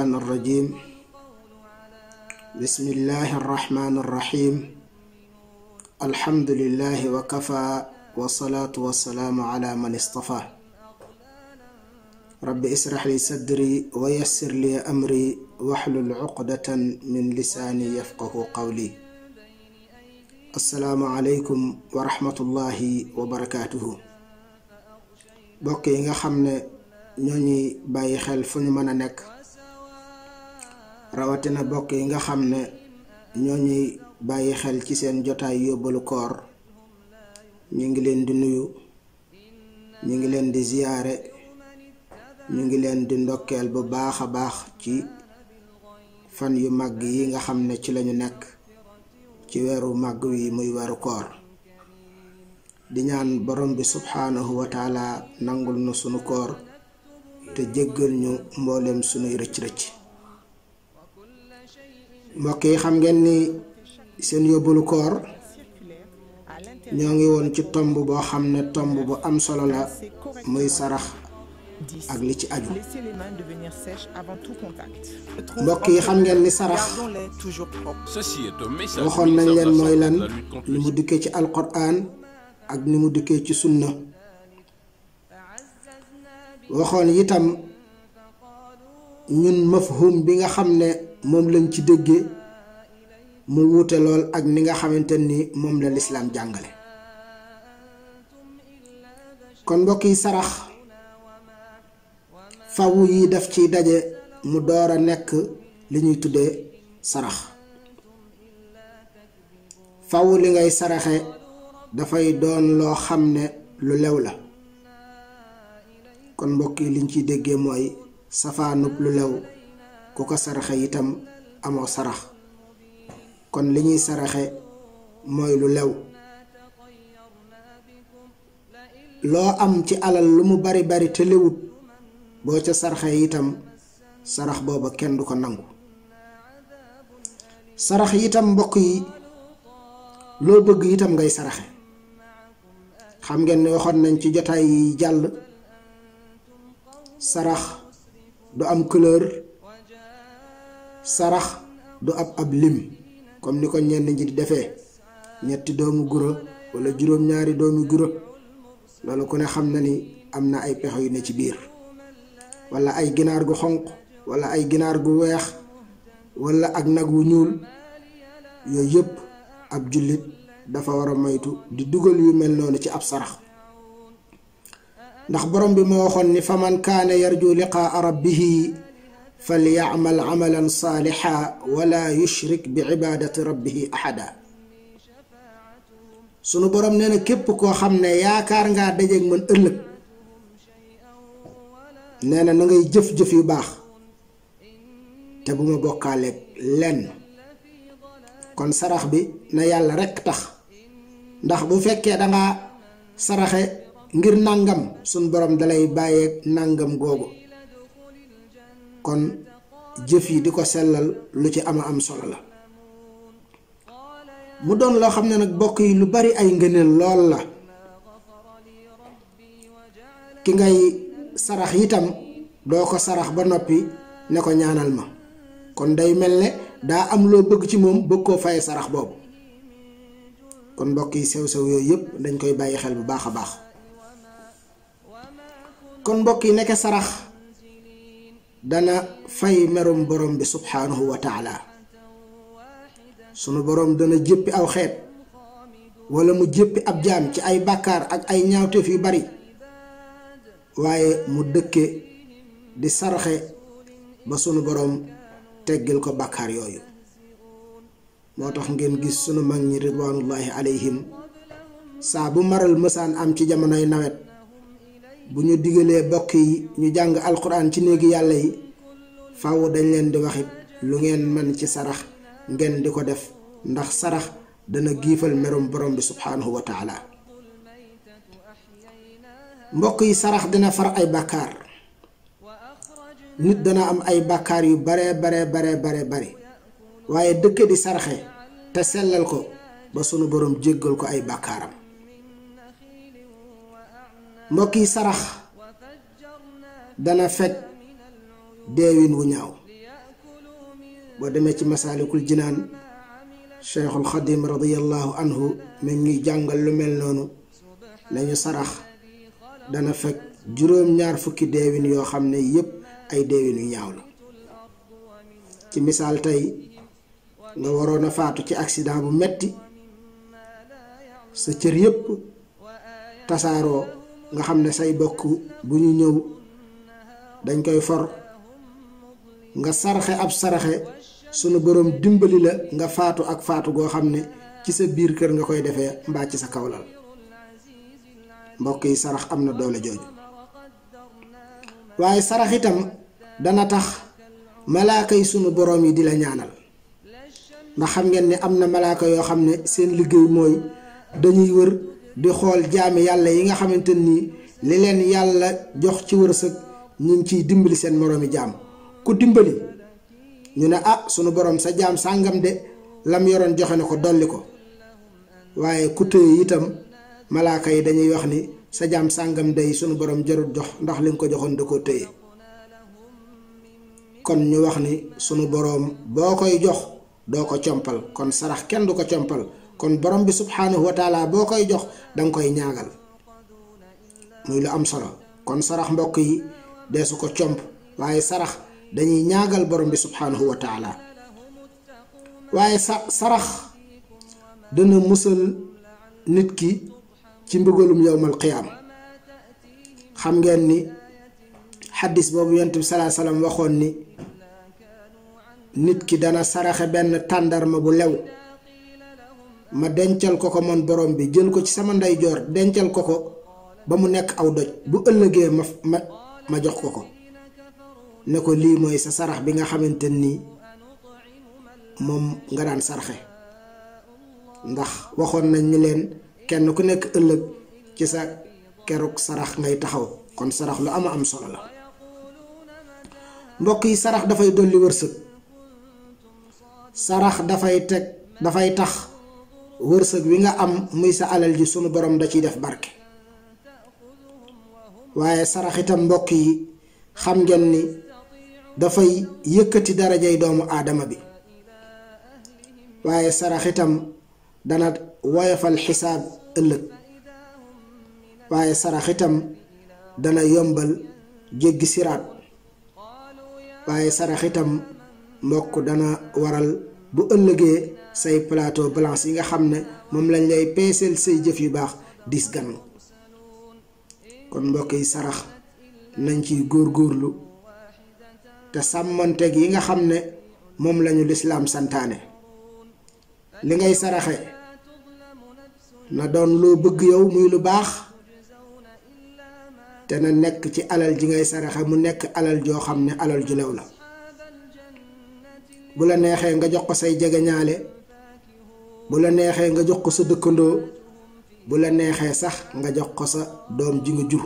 الرحمن الرجيم بسم الله الرحمن الرحيم الحمد لله وكفى والصلاة والسلام على من اصطفى رب اسرح لي صدري ويسر لي أمري واحلل عقدة من لساني يفقه قولي السلام عليكم ورحمة الله وبركاته بوكي nga xamne ñoo ñuy bàyyi xel fu ñu mën a nekk rawatina bokk yi nga xam ne ñoo ñuy bàyyi xel ci seen jotaay yóbbalu koor ñu ngi leen di nuyu ñu ngi leen di ziyaare ñu ngi leen di ndokkeel bu baax a baax ci fan yu mag yi nga xam ne ci lañu nekk ci weeru mag wi muy weeru koor di ñaan borom bi subhanahu wa taala nangul na sunu koor te jéggal ñu mboolem sunuy rëcc rëcc mbokk yi xam ngeen ni seen yóbbalu koor ñoo ngi woon ci tomb boo xam ne tomb bu am solo la muy sarax ak li ci aju mbokk yi xam ngeen ni sarax waxoon nañ leen mooy lan ni mu dikkee ci alquran ak ni mu dikkee ci sunna waxoon itam ñun mafhum bi nga xam ne moom lañ ci déggee mu wuute lool ak ni nga xamante ni moom la lislaam jàngale kon mbokk yi sarax fawu yi def ciy daje mu door a nekk li ñuy tudde sarax fawu li ngay saraxe dafay doon loo xam ne lu lew la kon mbokk yi liñ ciy déggee mooy safaanub lu lew ku ko saraxe itam amoo sarax kon li ñuy saraxe mooy lu lew loo am ci alal lu mu bari bari te lewut boo ca saraxe itam sarax booba kenn du ko nangu sarax yitam mbokk yi loo bëgg itam ngay saraxe xam ngeen ne waxoon nañ ci jotaay yi jàll sarax du am couleur sarax du ab ab lim comme ni ko ñenn ñi di defee ñetti doomu guro wala juróom-ñaari doomu guro loolu ku ne xam na ni am na ay pexe yu ne ci biir wala ay ginaar gu xonq wala ay ginaar gu weex wala ak nag wu ñuul yooyu yëpp ab jullit dafa war a moytu di dugal yu mel noonu ci ab sarax ndax borom bi moo waxoon ni faman kaana yarju liqaa rabbihi falyacmal camalan saalixa wala yushrik bi cibaadati bi axada sunu borom nee na képp koo xam ne yaakaar ngaa dajeeg man ëllëg nee na na ngay jëf-jëf yu baax te bu ma bokkaaleeg lenn kon sarax bi na yàlla rekk tax ndax bu fekkee dangaa saraxe ngir nàngam sunu boroom dalay bàyyeeg nàngam googu kon jëf yi di ko sellal lu ci ama am solo la mu doon loo xam ne nag bokk yi lu bari ay ngëneel lool la ki ngay sarax itam doo ko sarax ba noppi ne ko ñaanal ma kon day mel ne daa am loo bëgg ci moom bëgg koo fayee sarax boobu kon mbokk yi sew sew yooyu yëpp dañ koy bàyyi xel bu baax a baax kon mbokk yi nekk sarax dana fay merum borom bi subhaanahu wa taala sunu borom dana jéppi aw xeet wala mu jéppi ab jaam ci ay bàkkaar ak ay ñaawteef yu bari waaye mu dëkke di saraxe ba sunu borom teggil ko bàkkaar yooyu moo tax ngeen gis sunu mag ñi ridwanullahi alayhim saa bu maral mësaan am ci jamonoy nawet bu ñu digalee mbokk yi ñu jàng alxuraan ci néegi yàlla yi faaw dañ leen di waxit lu ngeen man ci sarax ngeen di ko def ndax sarax dana giifal merum borom bi subhaanahu wa mbokk yi sarax dina far ay bàkkaar nit dana am ay bàkkaar yu bare bare bare bare bare waaye dëkk di saraxe te sellal ko ba sunu borom jéggal ko ay bàkkaaram mbokki sarax dana fekk deewin wu ñaaw boo demee ci masaalikul jinaan cheikhul xadim radiallahu anhu mi ngi jàngal lu mel noonu nañu sarax dana fekk juróom-ñaar fukki deewin yoo xam ne yépp ay deewin yu ñaaw la ci misaal tey nga waroo a faatu ci accident bu metti sa cër yépp tasaaroo nga xamne say bokku bu ñu dañ koy for nga saraxe ab saraxe suñu borom dimbali la nga faatu ak faatu go xamne ci sa biir kër nga koy defee mba ci sa kawlal mbokk yi sarax amna doole jooju waye sarax itam dana tax malaaka yi borom yi dila ñaanal ndax xam ngeen ne amna malaaka yo xamne seen liggéey moy dañuy wër di xool jaami yàlla yi nga xamante nii li leen yàlla jox ci wërsëg ñu ngi ciy dimbali seen moroomi jaam ku dimbali ñu ne ah sunu borom sa jaam sàngam de lam yoroon joxe na ko dolli ko waaye ku téye itam malaaka yi dañuy wax ni sa jaam sàngam day sunu borom jarut jox ndax li nga ko joxoon da koo téye kon ñu wax ni sunu boroom boo koy jox doo ko compal kon sarax kenn du ko compal kon borom bi subhanahu wa taala boo jox dang koy ñaagal muy lu am solo kon sarax mbokk yi deesu ko chomp waye sarax dañuy ñaagal borom bi subhanahu wa taala waye sarax dana musul nit ki ci mbugalum yawmal qiyam xam ngeen ni hadis bobu yantu sallallahu salaa wasallam waxon ni nit ki dana saraxe ben tandarma bu lew ma dencal ko ko man borom bi jël ko ci sama ndeyjoor dencal ko ko ba mu nekk aw doj bu ëllëgee ma ma ma jox ko ko ne ko lii mooy sa sarax bi nga xamante nii moom nga daan sarxe ndax waxoon nañ leen kenn ku nekk ëllëg ci sa keruk sarax ngay taxaw kon sarax lu ama am solo la mbokk yi sarax dafay dolli wërsëg sarax dafay teg dafay tax wërsëg wi nga am muy sa alal ji sunu borom da ciy def barke waaye sarax itam mbokk yi xam ngeen ni dafay yëkkati darajay doomu aadama bi waaye sarax itam dana woyofal xisaab ëllëg waaye sarax itam dana yombal jéggi siraat waaye sarax itam mbokk dana waral bu ëllëgee say plateau balance yi nga xam ne moom lañ lay peeseel say jëf yu baax dis ganu kon mbokk yi sarax nañ ciy góorlu te sàmmanteeg yi nga xam ne moom lañu lislaam santaane li ngay saraxe na doon loo bëgg yow muy lu baax te na nekk ci alal ji ngay saraxe mu nekk alal joo xam ne alal ju lew la bu la neexee nga jox ko say jegeñaale bu la neexee nga jox ko sa dëkkandoo bu la neexee sax nga jox ko sa doom ji nga jur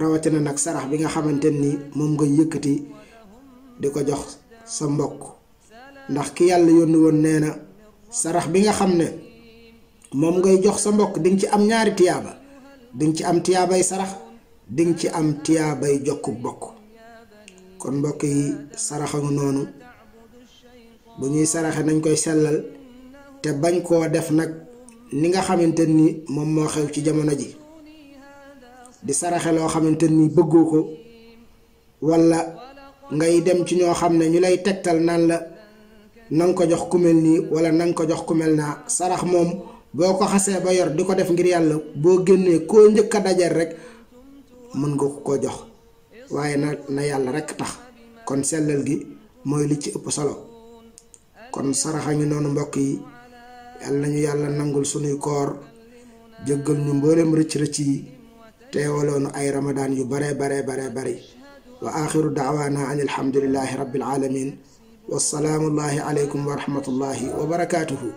rawatina nag sarax bi nga xamante ni moom nga yëkkati di ko jox sa mbokk ndax ki yàlla yónni woon nee na sarax bi nga xam ne moom ngay jox sa mbokk dinga ci am ñaari tiyaaba dinga ci am tiyaabay sarax dinga ci am tiyaabay jokku bokk kon mbokk yi saraxanu noonu bu ñuy saraxe nañ koy sellal te bañ koo def nag ni nga xamante ni moom moo xew ci jamono ji di saraxe loo xamante ni bëggoo ko walla ngay dem ci ñoo xam ne ñu lay tegtal naan la nanga ko jox ku mel nii walla nanga ko jox ku naa sarax moom boo ko xasee ba yor di ko def ngir yàlla boo génnee koo njëkk a dajal rek mën nga ko ko jox waaye nag na yàlla rekk tax kon sellal gi mooy li ci ëpp solo kon saraxa ngi noonu mbokk yi yàlla nañu yàlla nangul suñuy koor jëggal ñu mboolem rëcc rëcc yi teewaloonu ay ramadaan yu bare bare bare bari wa axiru daawaana an alhamdulillahi rabbil alamin wasalaamullahi aleykum wa rahmatullahi wa barakaatuhu